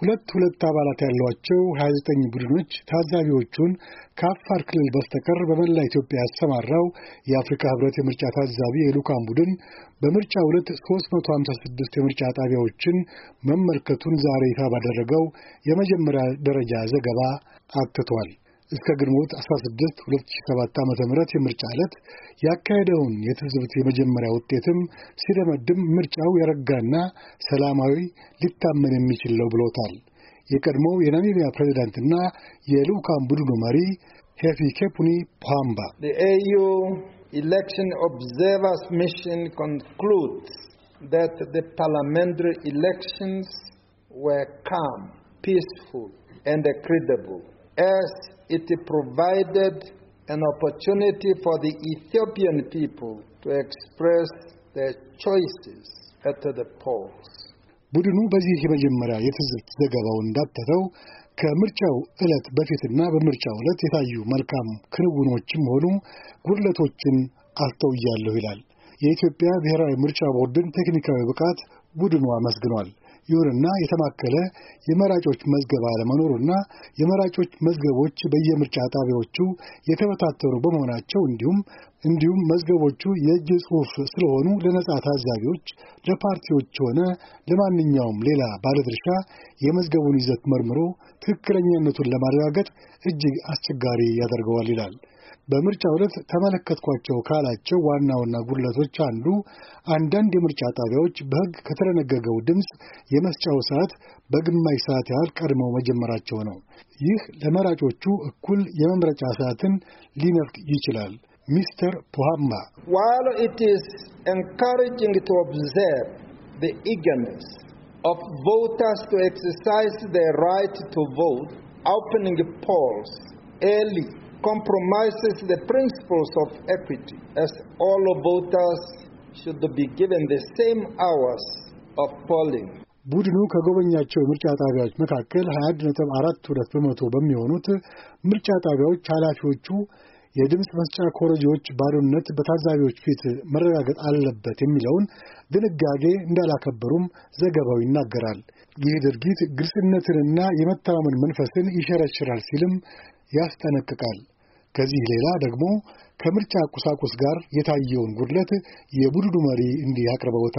ሁለት ሁለት አባላት ያሏቸው 29 ቡድኖች ታዛቢዎቹን ከአፋር ክልል በስተቀር በመላ ኢትዮጵያ ያሰማራው የአፍሪካ ህብረት የምርጫ ታዛቢ የልዑካን ቡድን በምርጫ ሁለት 356 የምርጫ ጣቢያዎችን መመልከቱን ዛሬ ይፋ ባደረገው የመጀመሪያ ደረጃ ዘገባ አትቷል። እስከ ግንቦት 16 2007 ዓ.ም የምርጫ ዕለት ያካሄደውን የትዝብት የመጀመሪያ ውጤትም ሲደመድም ምርጫው የረጋና ሰላማዊ ሊታመን የሚችል ነው ብሎታል። የቀድሞው የናሚቢያ ፕሬዚዳንትና የልዑካን ቡድኑ መሪ ሂፊኬፑኒ ፖሃምባ ኤዩ ኢሌክሽን ኦብዘርቨርስ ሚሽን ኮንክሉድስ that the ፓርላሜንታሪ ኢሌክሽንስ ወር ካም ፒስፉል ኤንድ credible ኤስ it provided an opportunity for the Ethiopian people to express their choices at the polls. ቡድኑ በዚህ የመጀመሪያ የትዝብት ዘገባው እንዳተተው ከምርጫው ዕለት በፊትና በምርጫው ዕለት የታዩ መልካም ክንውኖችም ሆኑ ጉድለቶችን አስተውያለሁ ይላል። የኢትዮጵያ ብሔራዊ ምርጫ ቦርድን ቴክኒካዊ ብቃት ቡድኑ አመስግኗል። ይሁንና የተማከለ የመራጮች መዝገብ አለመኖሩና የመራጮች መዝገቦች በየምርጫ ጣቢያዎቹ የተበታተኑ በመሆናቸው እንዲሁም እንዲሁም መዝገቦቹ የእጅ ጽሑፍ ስለሆኑ ለነጻ ታዛቢዎች፣ ለፓርቲዎች ሆነ ለማንኛውም ሌላ ባለድርሻ የመዝገቡን ይዘት መርምሮ ትክክለኛነቱን ለማረጋገጥ እጅግ አስቸጋሪ ያደርገዋል ይላል በምርጫ ዕለት ተመለከትኳቸው ካላቸው ዋናውና ጉድለቶች አንዱ አንዳንድ የምርጫ ጣቢያዎች በሕግ ከተደነገገው ድምፅ የመስጫው ሰዓት በግማሽ ሰዓት ያህል ቀድመው መጀመራቸው ነው። ይህ ለመራጮቹ እኩል የመምረጫ ሰዓትን ሊነፍቅ ይችላል። ሚስተር ፖሃማ ዋሎ ኢት ኢዝ ቱ ኦብዘርቭ ዘ ኢገርነስ ኦፍ ቮተርስ ቱ ኤክሰርሳይዝ ዘ ራይት ቱ ቮት ኦፕኒንግ ፖልስ early compromises the principles of equity, as all voters should be given the same hours of polling. ቡድኑ ከጎበኛቸው የምርጫ ጣቢያዎች መካከል 21.42 በመቶ በሚሆኑት ምርጫ ጣቢያዎች ኃላፊዎቹ የድምፅ መስጫ ኮረጆዎች ባዶነት በታዛቢዎች ፊት መረጋገጥ አለበት የሚለውን ድንጋጌ እንዳላከበሩም ዘገባው ይናገራል። ይህ ድርጊት ግልጽነትንና የመተማመን መንፈስን ይሸረሽራል ሲልም ያስጠነቅቃል። ከዚህ ሌላ ደግሞ ከምርጫ ቁሳቁስ ጋር የታየውን ጉድለት የቡድኑ መሪ እንዲህ አቅርበውታል።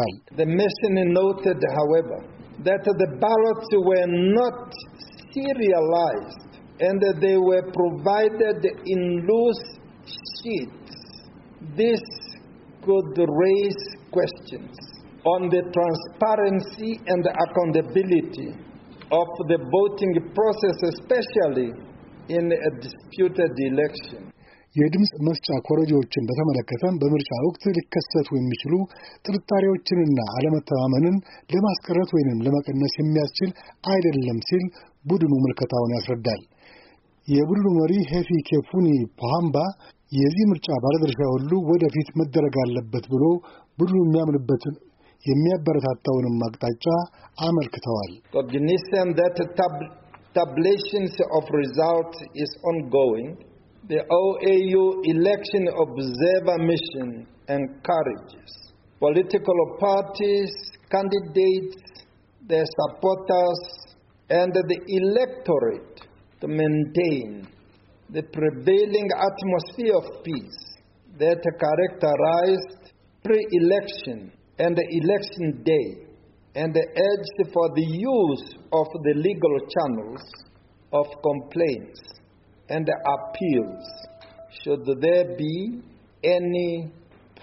ትራንስፓረንሲ ኤንድ አካውንታቢሊቲ ኦፍ ዘ ቮቲንግ ፕሮሰስ ስፔሻሊ የድምፅ መስጫ ኮረጆዎችን በተመለከተም በምርጫ ወቅት ሊከሰቱ የሚችሉ ጥርጣሬዎችንና አለመተማመንን ለማስቀረት ወይንም ለመቀነስ የሚያስችል አይደለም ሲል ቡድኑ ምልከታውን ያስረዳል። የቡድኑ መሪ ሄፊ ኬፉኒ ፖሃምባ የዚህ ምርጫ ባለድርሻ ሁሉ ወደፊት መደረግ አለበት ብሎ ቡድኑ የሚያምንበትን የሚያበረታታውንም አቅጣጫ አመልክተዋል። establishment of results is ongoing. The OAU election observer mission encourages political parties, candidates, their supporters, and the electorate to maintain the prevailing atmosphere of peace that characterized pre election and election day and the urge for the use of the legal channels of complaints and appeals should there be any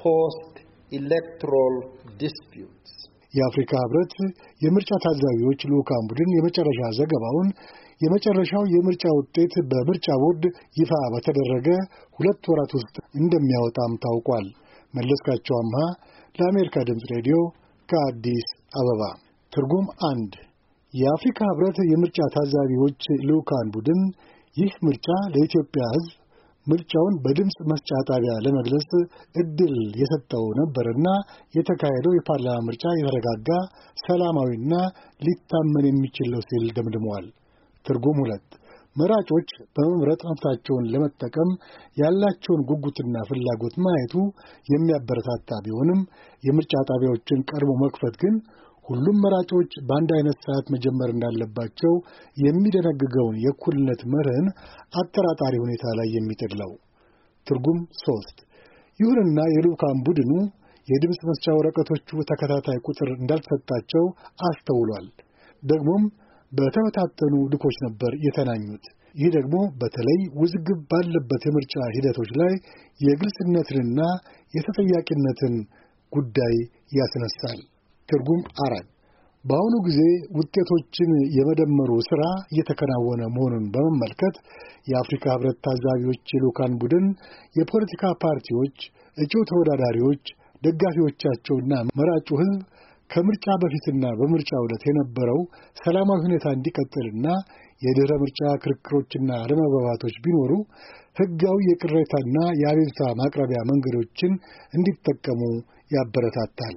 post electoral disputes. የአፍሪካ ህብረት የምርጫ ታዛቢዎች ልዑካን ቡድን የመጨረሻ ዘገባውን የመጨረሻው የምርጫ ውጤት በምርጫ ቦርድ ይፋ በተደረገ ሁለት ወራት ውስጥ እንደሚያወጣም ታውቋል። መለስካቸው አምሃ ለአሜሪካ ድምፅ ሬዲዮ ከአዲስ አበባ ትርጉም አንድ የአፍሪካ ህብረት የምርጫ ታዛቢዎች ልዑካን ቡድን ይህ ምርጫ ለኢትዮጵያ ህዝብ ምርጫውን በድምፅ መስጫ ጣቢያ ለመግለጽ እድል የሰጠው ነበርና የተካሄደው የፓርላማ ምርጫ የተረጋጋ ሰላማዊና ሊታመን የሚችል ነው ሲል ደምድመዋል። ትርጉም ሁለት መራጮች በመምረጥ መብታቸውን ለመጠቀም ያላቸውን ጉጉትና ፍላጎት ማየቱ የሚያበረታታ ቢሆንም የምርጫ ጣቢያዎችን ቀድሞ መክፈት ግን ሁሉም መራጮች በአንድ አይነት ሰዓት መጀመር እንዳለባቸው የሚደነግገውን የእኩልነት መርህን አጠራጣሪ ሁኔታ ላይ የሚጥለው ትርጉም ሶስት ይሁንና የልዑካን ቡድኑ የድምፅ መስጫ ወረቀቶቹ ተከታታይ ቁጥር እንዳልተሰጣቸው አስተውሏል። ደግሞም በተበታተኑ ልኮች ነበር የተናኙት። ይህ ደግሞ በተለይ ውዝግብ ባለበት የምርጫ ሂደቶች ላይ የግልጽነትንና የተጠያቂነትን ጉዳይ ያስነሳል። ትርጉም አራት በአሁኑ ጊዜ ውጤቶችን የመደመሩ ሥራ እየተከናወነ መሆኑን በመመልከት የአፍሪካ ህብረት ታዛቢዎች የልዑካን ቡድን የፖለቲካ ፓርቲዎች፣ እጩ ተወዳዳሪዎች፣ ደጋፊዎቻቸውና መራጩ ሕዝብ ከምርጫ በፊትና በምርጫ ዕለት የነበረው ሰላማዊ ሁኔታ እንዲቀጥልና የድኅረ ምርጫ ክርክሮችና አለመግባባቶች ቢኖሩ ሕጋዊ የቅሬታና የአቤቱታ ማቅረቢያ መንገዶችን እንዲጠቀሙ ያበረታታል።